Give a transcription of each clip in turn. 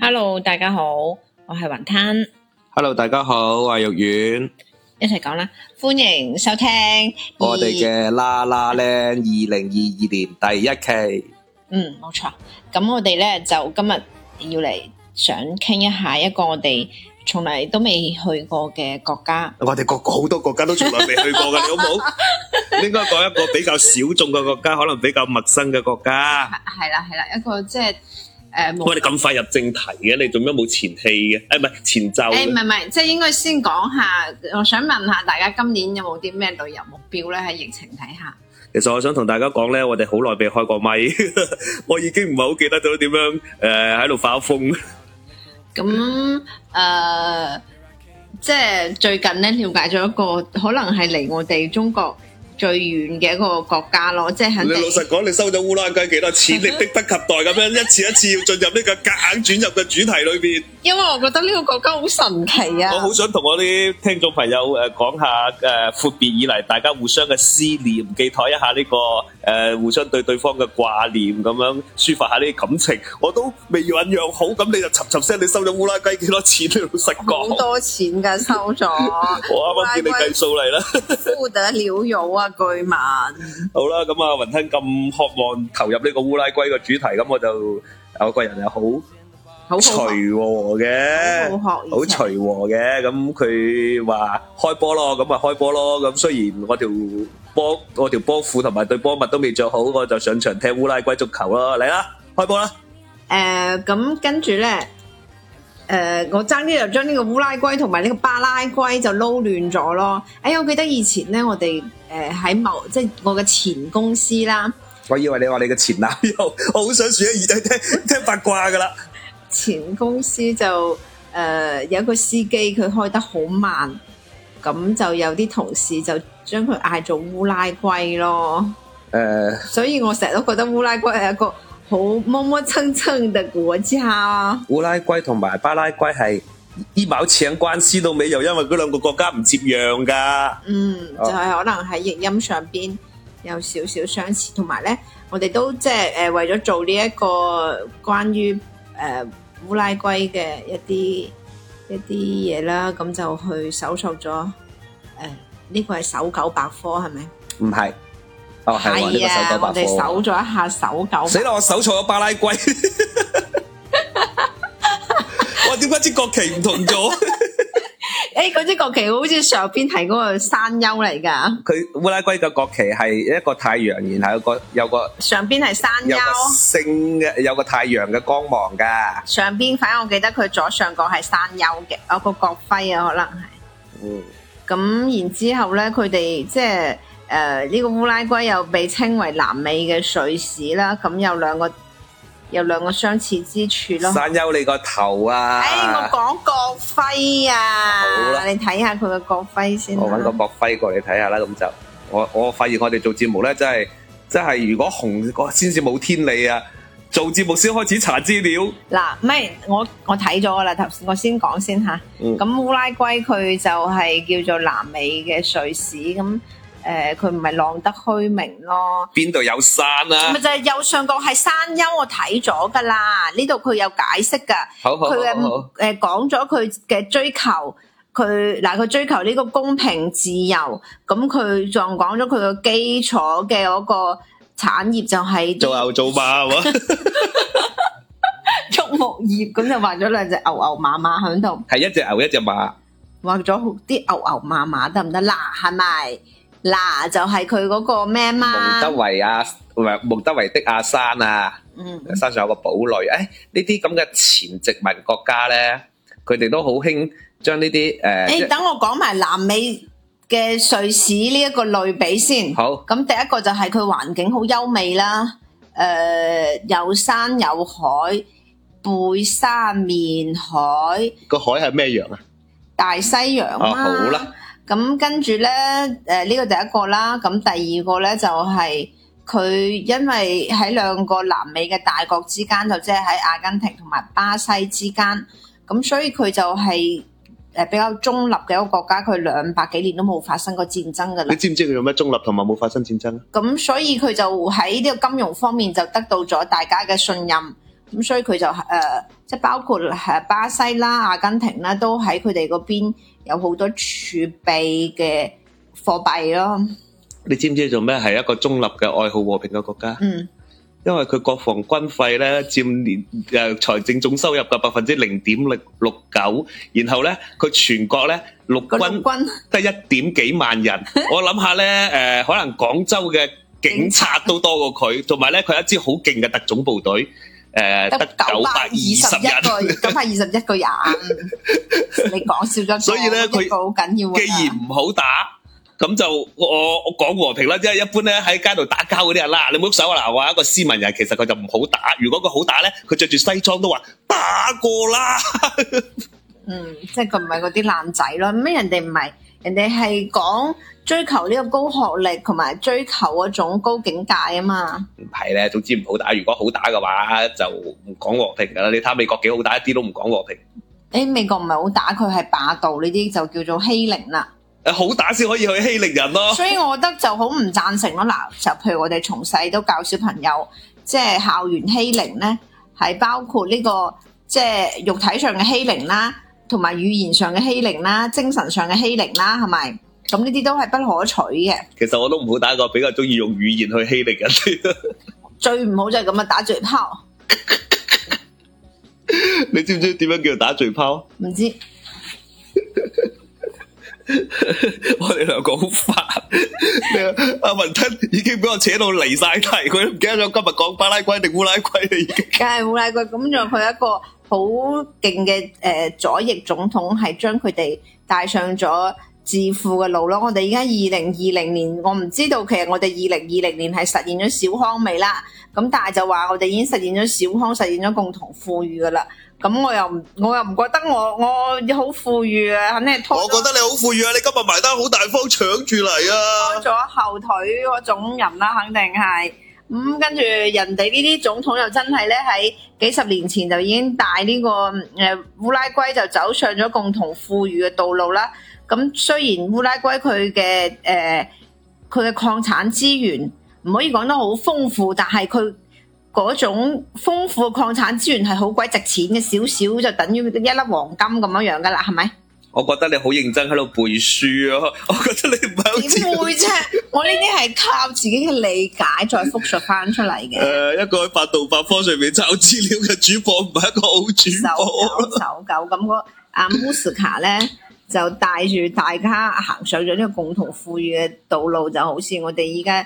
hello，大家好，我係雲吞。hello，大家好，我係玉丸。一齊講啦，歡迎收聽我哋嘅啦啦咧二零二二年第一期。嗯，冇錯。咁我哋咧就今日要嚟想傾一下一個我哋從來都未去過嘅國家。我哋各國好多國家都從來未去過噶，你好唔好？應該講一個比較小眾嘅國家，可能比較陌生嘅國家。係啦，係啦，一個即係。我哋咁快入正題嘅，你做咩冇前戲嘅？誒唔係前奏。誒唔係唔係，即係應該先講下，我想問下大家今年有冇啲咩旅遊目標咧？喺疫情底下。其實我想同大家講咧，我哋好耐未開過咪， 我已經唔係好記得到點樣誒喺度發風。咁、呃、誒，即係最近咧了解咗一個，可能係嚟我哋中國，最遠嘅一個國家咯，即係你老實講，你收咗烏拉圭幾多錢？你迫不及待咁樣一次一次要進入呢個夾硬轉入嘅主題裏邊。因為我覺得呢個國家好神奇啊！我好想同我啲聽眾朋友誒講下誒闊、呃、別以嚟，大家互相嘅思念，寄託一下呢、這個誒、呃、互相對對方嘅掛念，咁樣抒發下呢啲感情。我都未醞釀好，咁你就尋尋聲你收咗 烏拉圭幾多錢老實講？ 好多錢噶，收咗我啱啱叫你計數嚟啦。孵得鳥肉啊，巨文。好啦，咁啊雲吞咁渴望投入呢個烏拉圭嘅主題，咁我就我個人又好。好隨和嘅，好隨和嘅，咁佢話開波咯，咁咪開波咯，咁雖然我條波我條波褲同埋對波襪都未着好，我就上場踢烏拉圭足球咯，嚟啦，開波啦！誒、呃，咁跟住咧，誒、呃，我爭啲就將呢個烏拉圭同埋呢個巴拉圭就撈亂咗咯。哎我記得以前咧，我哋誒喺某即係我嘅前公司啦。我以為你話你嘅前男友，我好 想住喺耳仔聽聽八卦噶啦。前公司就誒、呃，有一個司機，佢開得好慢，咁就有啲同事就將佢嗌做烏拉圭咯。誒、呃，所以我成日都覺得烏拉圭係一個好磨磨蹭蹭嘅國家。烏拉圭同埋巴拉圭係一毛錢關係都冇，又因為嗰兩個國家唔接壤噶。嗯，哦、就係可能喺譯音上邊有少少相似，同埋咧，我哋都即係誒為咗做呢一個關於誒。呃烏拉圭嘅一啲一啲嘢啦，咁、嗯、就去搜索咗，誒、呃，呢、這個係搜狗百科係咪？唔係，哦係喎，搜狗百科。啊、我哋搜咗一下搜狗。死咯，我搜索咗巴拉圭。我點解知國旗唔同咗？ 誒，嗰啲、欸那個、國旗好似上邊係嗰個山丘嚟噶。佢烏拉圭嘅國旗係一個太陽，然後有個有個上邊係山丘，升嘅有，個，有個太陽嘅光芒噶。上邊反而我記得佢左上角係山丘嘅，有個國徽啊，可能係。嗯，咁然之後咧，佢哋即係誒呢個烏拉圭又被稱為南美嘅瑞士啦。咁有兩個。有兩個相似之處咯。山丘你個頭啊！哎，我講國徽啊！好啦，你睇下佢個國徽先。我揾個國徽過嚟睇下啦，咁就我我發現我哋做節目咧，真係真係如果紅先至冇天理啊！做節目先開始查資料。嗱，唔係，我我睇咗啦，頭先我先講先吓。咁烏拉圭佢就係叫做南美嘅瑞士咁。嗯誒，佢唔係浪得虛名咯。邊度有山啊？咪就係右上角係山丘，我睇咗噶啦。呢度佢有解釋噶，佢嘅誒講咗佢嘅追求。佢嗱，佢、呃、追求呢個公平自由。咁佢仲講咗佢嘅基礎嘅嗰個產業就係、係、做牛做馬喎、啊，畜牧 業。咁就畫咗兩隻牛牛馬馬喺度，係一隻牛，一隻馬。畫咗啲牛牛馬馬得唔得啦？係咪？是嗱，就係佢嗰個咩嘛？蒙德維啊，蒙德維的阿山啊，嗯，山上有個堡壘。誒，呢啲咁嘅前殖民國家咧，佢哋都好興將呢啲誒，誒，等我講埋南美嘅瑞士呢一個類比先。好，咁第一個就係佢環境好優美啦，誒，有山有海，背山面海。個海係咩洋啊？大西洋啦。好啦。咁跟住咧，誒、這、呢個第一個啦，咁第二個咧就係佢因為喺兩個南美嘅大國之間，就即係喺阿根廷同埋巴西之間，咁所以佢就係誒比較中立嘅一個國家，佢兩百幾年都冇發生過戰爭㗎啦。你知唔知佢有咩中立同埋冇發生戰爭啊？咁所以佢就喺呢個金融方面就得到咗大家嘅信任，咁所以佢就誒即係包括係巴西啦、阿根廷啦，都喺佢哋嗰邊。有好多儲備嘅貨幣咯，你知唔知做咩？係一個中立嘅、愛好和平嘅國家。嗯，因為佢國防軍費咧佔年誒、呃、財政總收入嘅百分之零點六六九，然後咧佢全國咧陸軍得一點幾萬人，嗯、我諗下咧誒、呃，可能廣州嘅警察都多過佢，同埋咧佢係一支好勁嘅特種部隊。誒，得九百二十一個人，九百二十一個人，你講笑咗。所以咧，佢好緊要啊。既然唔好打，咁就我我講和平啦。即係一般咧喺街度打交嗰啲人啦，你唔好喐手啊，嗱。話一個斯文人，其實佢就唔好打。如果佢好打咧，佢着住西裝都話打過啦。 嗯，即係佢唔係嗰啲爛仔咯。咩人哋唔係。人哋係講追求呢個高學歷同埋追求嗰種高境界啊嘛，唔係咧，總之唔好打。如果好打嘅話，就唔講和平噶啦。你睇美國幾好打，一啲都唔講和平。誒，美國唔係好打，佢係霸道，呢啲就叫做欺凌啦。誒，好打先可以去欺凌人咯。所以我覺得就好唔贊成咯。嗱，就譬如我哋從細都教小朋友，即係校園欺凌咧，係包括呢個即係肉體上嘅欺凌啦。同埋語言上嘅欺凌啦，精神上嘅欺凌啦，係咪？咁呢啲都係不可取嘅。其實我都唔好打，個比較中意用語言去欺凌人哋。最唔好就係咁樣打嘴炮。 你知唔知點樣叫打嘴炮？唔知。我哋兩個好煩。阿文吞已經俾我扯到離晒題，佢都唔記得咗今日講巴拉圭定烏拉圭，梗係烏拉圭，咁樣佢一個。好勁嘅誒、呃、左翼總統係將佢哋帶上咗致富嘅路咯。我哋而家二零二零年，我唔知道其實我哋二零二零年係實現咗小康未啦。咁但係就話我哋已經實現咗小康，實現咗共同富裕噶啦。咁我又唔我又唔覺得我我好富裕啊，肯定係拖。我覺得你好富裕啊！你今日埋單好大方，搶住嚟啊！拖咗後腿嗰種人啦、啊，肯定係。咁、嗯、跟住，人哋呢啲總統又真係咧喺幾十年前就已經帶呢、這個誒烏、呃、拉圭就走上咗共同富裕嘅道路啦。咁、嗯、雖然烏拉圭佢嘅誒佢嘅礦產資源唔可以講得好豐富，但係佢嗰種豐富嘅礦產資源係好鬼值錢嘅，少少就等於一粒黃金咁樣樣噶啦，係咪？我覺得你好認真喺度背書咯、啊，我覺得你唔係點背啫，我呢啲係靠自己嘅理解再復述翻出嚟嘅。誒，一個喺百度百科上面抄資料嘅主播唔係一個好主手、啊啊。就就咁我阿 Muska 咧就帶住大家行上咗呢個共同富裕嘅道路，就好似我哋依家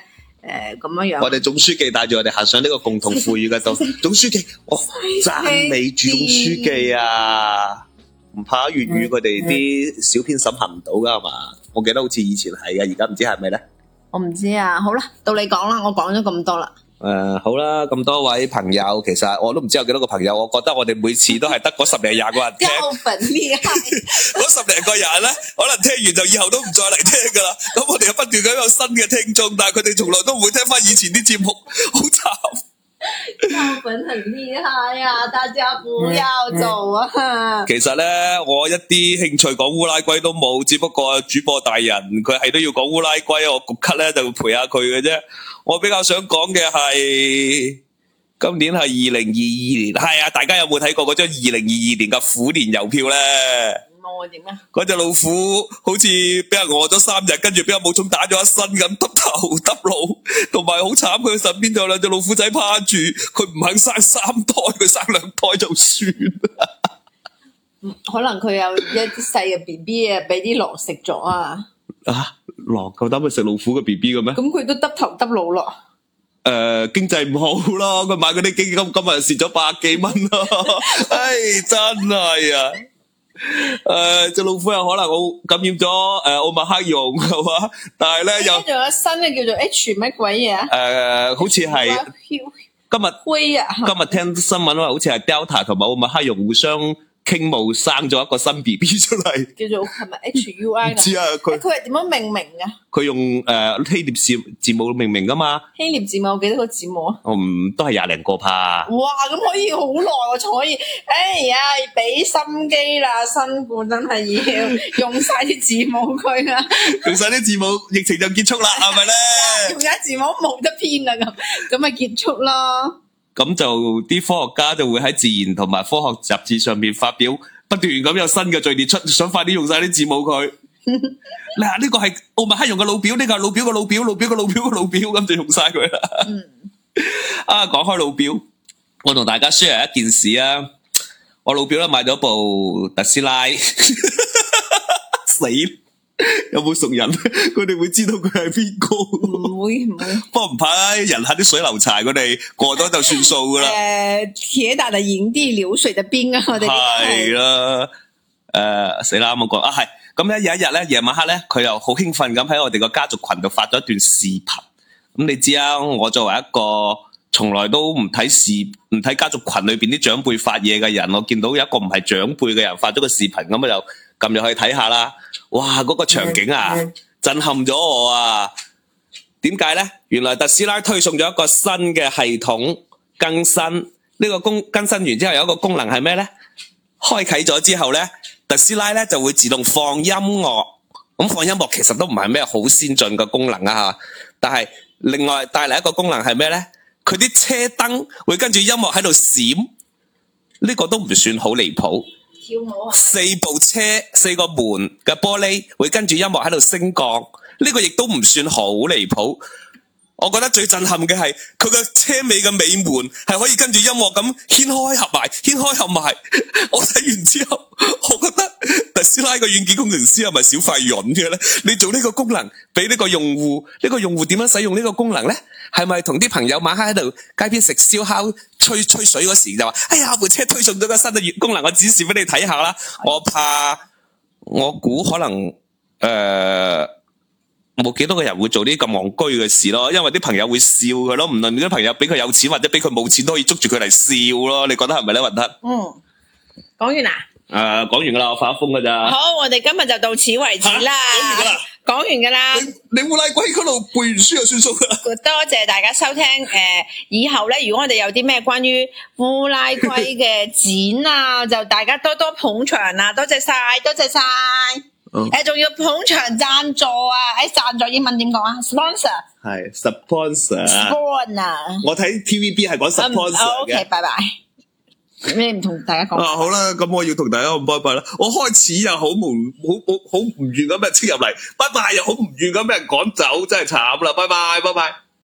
誒咁樣樣。我哋、啊、總書記帶住我哋行上呢個共同富裕嘅道路。 總書記，我讚美總書記啊！唔怕粵語，佢哋啲小編審核唔到噶係嘛？我記得好似以前係啊，而家唔知係咪咧？我唔知啊，好啦，到你講啦，我講咗咁多啦。誒、呃，好啦，咁多位朋友，其實我都唔知有幾多個朋友，我覺得我哋每次都係得嗰十零廿個人聽。夠粉 嗰十零個人咧，可能聽完就以後都唔再嚟聽噶啦。咁 我哋又不斷咁有新嘅聽眾，但係佢哋從來都唔會聽翻以前啲節目，好慘。票粉 很厲害呀，啊，大家不要走啊！嗯嗯， 其實呢，我一啲興趣講烏拉圭都冇，只不過主播大人佢係都要講烏拉圭，我局咳呢就會陪下佢嘅啫。我比較想講嘅係，今年係二零二二年，係啊，大家有冇睇過嗰張二零二二年嘅虎年郵票呢？嗰隻老虎好似俾人餓咗三日，跟住俾阿武松打咗一身咁，耷頭耷腦，同埋好慘，佢身邊有兩隻老虎仔趴住，佢唔肯生三胎，佢生兩胎就算啦。可能佢有一啲細嘅 B B 啊，俾啲狼食咗啊！啊，狼夠膽去食老虎嘅 B B 嘅、啊、咩？咁佢都耷頭耷腦咯。誒、呃，經濟唔好咯，佢買嗰啲基金，今日蝕咗百幾蚊咯。唉、 哎，真係啊！誒，隻、呃、老虎又可能我感染咗誒、呃、奧密克戎係嘛， 但係咧又。仲有新嘅叫做 H 乜鬼嘢啊？誒、呃，好似係今日、啊、今日聽新聞話，好似係 Delta 同埋奧密克戎互相。傾慕生咗一個新 B B 出嚟，叫做係咪 H U I？唔知啊，佢佢係點樣命名嘅？佢用誒希臘字母命名噶嘛？希臘字母有幾多個字母啊？我唔都係廿零個吧。哇！咁可以好耐我才可以，哎呀，俾心機啦，新冠真係要用晒啲字母佢啦。用晒啲字母，疫情就結束啦，係咪咧？用曬字母冇得編啦咁，咁咪結束咯。咁就啲科學家就會喺《自然》同埋《科學》雜誌上面發表，不斷咁有新嘅序列出，想快啲用晒啲字母佢。嗱、 啊，呢、這個係奧密克戎嘅老表，呢、這個係老表嘅老表，老表嘅老表嘅老表，咁就用晒佢啦。 嗯、啊，講開老表，我同大家 share 一件事啊，我老表咧買咗部特斯拉， 死。 有冇熟人？佢 哋會知道佢係邊個？唔會唔會。不過唔 怕人下啲水流柴，佢哋過咗就算數噶啦。誒 、呃，鐵打的營地，流水的兵啊！我哋係咯。誒，死啦，冇講啊，係咁咧。啊、有一日咧，夜晚黑咧，佢又好興奮咁喺我哋個家族群度發咗一段視頻。咁、嗯、你知啊，我作為一個從來都唔睇視唔睇家族群裏邊啲長輩發嘢嘅人，我見到有一個唔係長輩嘅人發咗個視頻，咁我就……嗯嗯咁就去睇下啦，哇！嗰、那個場景啊，震撼咗我啊！點解呢？原來特斯拉推送咗一個新嘅系統更新，呢、這個功更新完之後有一個功能係咩呢？開啟咗之後呢，特斯拉呢就會自動放音樂。咁放音樂其實都唔係咩好先進嘅功能啊，吓！但係另外帶嚟一個功能係咩呢？佢啲車燈會跟住音樂喺度閃，呢、這個都唔算好離譜。四部車四個門嘅玻璃會跟住音樂喺度升降，呢個亦都唔算好離譜。我覺得最震撼嘅係佢嘅車尾嘅尾門係可以跟住音樂咁掀開合埋，掀開合埋。我睇完之後，我特斯拉個軟件工程師係咪小費潤嘅咧？你做呢個功能，俾呢個用戶，呢個用戶點樣使用呢個功能咧？係咪同啲朋友晚黑喺度街邊食燒烤吹吹水嗰時就話：哎呀，部車推送咗個新嘅功能，我展示俾你睇下啦。我怕，我估可能誒冇幾多個人會做啲咁戇居嘅事咯，因為啲朋友會笑佢咯。唔論，你啲朋友俾佢有錢或者俾佢冇錢，都可以捉住佢嚟笑咯。你覺得係咪咧，雲吞、哦？嗯，講完啦。誒，講、呃、完噶啦，我發一封噶咋？好，我哋今日就到此為止啦。講完噶啦，講完噶啦。你烏拉圭嗰度背完書就算數啦。多謝大家收聽，誒、呃，以後咧，如果我哋有啲咩關於烏拉圭嘅展啊， 就大家多多捧場啦，多謝晒，多謝晒。誒，仲、嗯欸、要捧場贊助啊？誒、欸，贊助英文點講啊？sponsor 係 sponsor。贊助。贊助。我睇 TVB 係講 sponsor OK，拜拜。Um, okay, bye bye bye. 咩唔同大家講、啊、好啦，咁我要同大家講拜拜啦！我開始又好唔好好好唔願咁俾人黐入嚟，拜拜又好唔願咁俾人趕走，真係慘啦！拜拜拜拜。